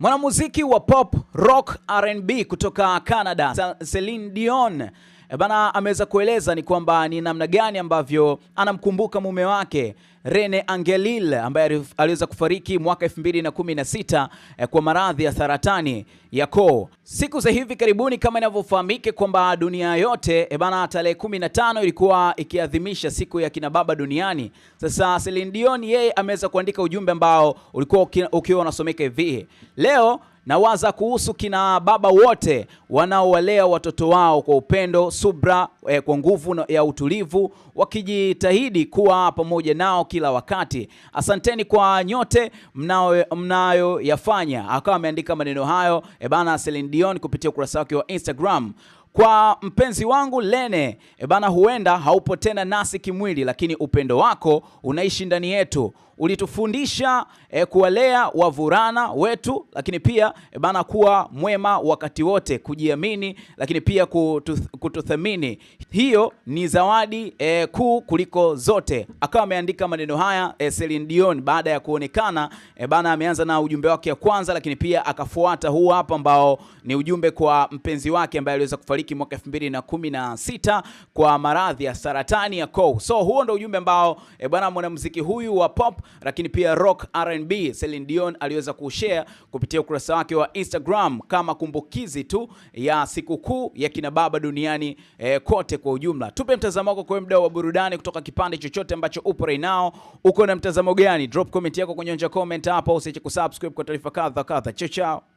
Mwanamuziki wa pop, rock, R&B kutoka Canada, Celine Dion E bana, ameweza kueleza ni kwamba ni namna gani ambavyo anamkumbuka mume wake Rene Angelil ambaye aliweza kufariki mwaka 2016 eh, kwa maradhi ya saratani ya koo. Siku za hivi karibuni kama inavyofahamika kwamba dunia yote e bana, tarehe 15 ilikuwa ikiadhimisha siku ya kina baba duniani. Sasa Celine Dion yeye ameweza kuandika ujumbe ambao ulikuwa ukiwa unasomeka hivi. Leo Nawaza kuhusu kina baba wote wanaowalea watoto wao kwa upendo, subra, eh, kwa nguvu ya utulivu, wakijitahidi kuwa pamoja nao kila wakati. Asanteni kwa nyote mnayoyafanya. Akawa ameandika maneno hayo e eh, bana Celine Dion kupitia ukurasa wake wa Instagram. Kwa mpenzi wangu Lene, e bana, huenda haupo tena nasi kimwili, lakini upendo wako unaishi ndani yetu. Ulitufundisha e, kuwalea wavurana wetu, lakini pia e bana, kuwa mwema wakati wote, kujiamini, lakini pia kututhamini. Hiyo ni zawadi e, kuu kuliko zote. Akawa ameandika maneno haya e, Celine Dion baada ya kuonekana e bana, ameanza na ujumbe wake wa kwanza, lakini pia akafuata huu hapa ambao ni ujumbe kwa mpenzi wake ambaye aliweza kufariki alifariki mwaka 2016 kwa maradhi ya saratani ya koo. So huo ndo ujumbe ambao e, bwana mwanamuziki huyu wa pop lakini pia rock R&B Celine Dion aliweza kushare kupitia ukurasa wake wa Instagram kama kumbukizi tu ya sikukuu ya kina baba duniani e, kote kwa ujumla. Tupe mtazamo wako kwa mdau wa burudani kutoka kipande chochote ambacho upo right now. Uko na mtazamo gani? Drop comment yako kwenye onja comment hapo, usiache kusubscribe kwa taarifa kadha kadha. Chao chao.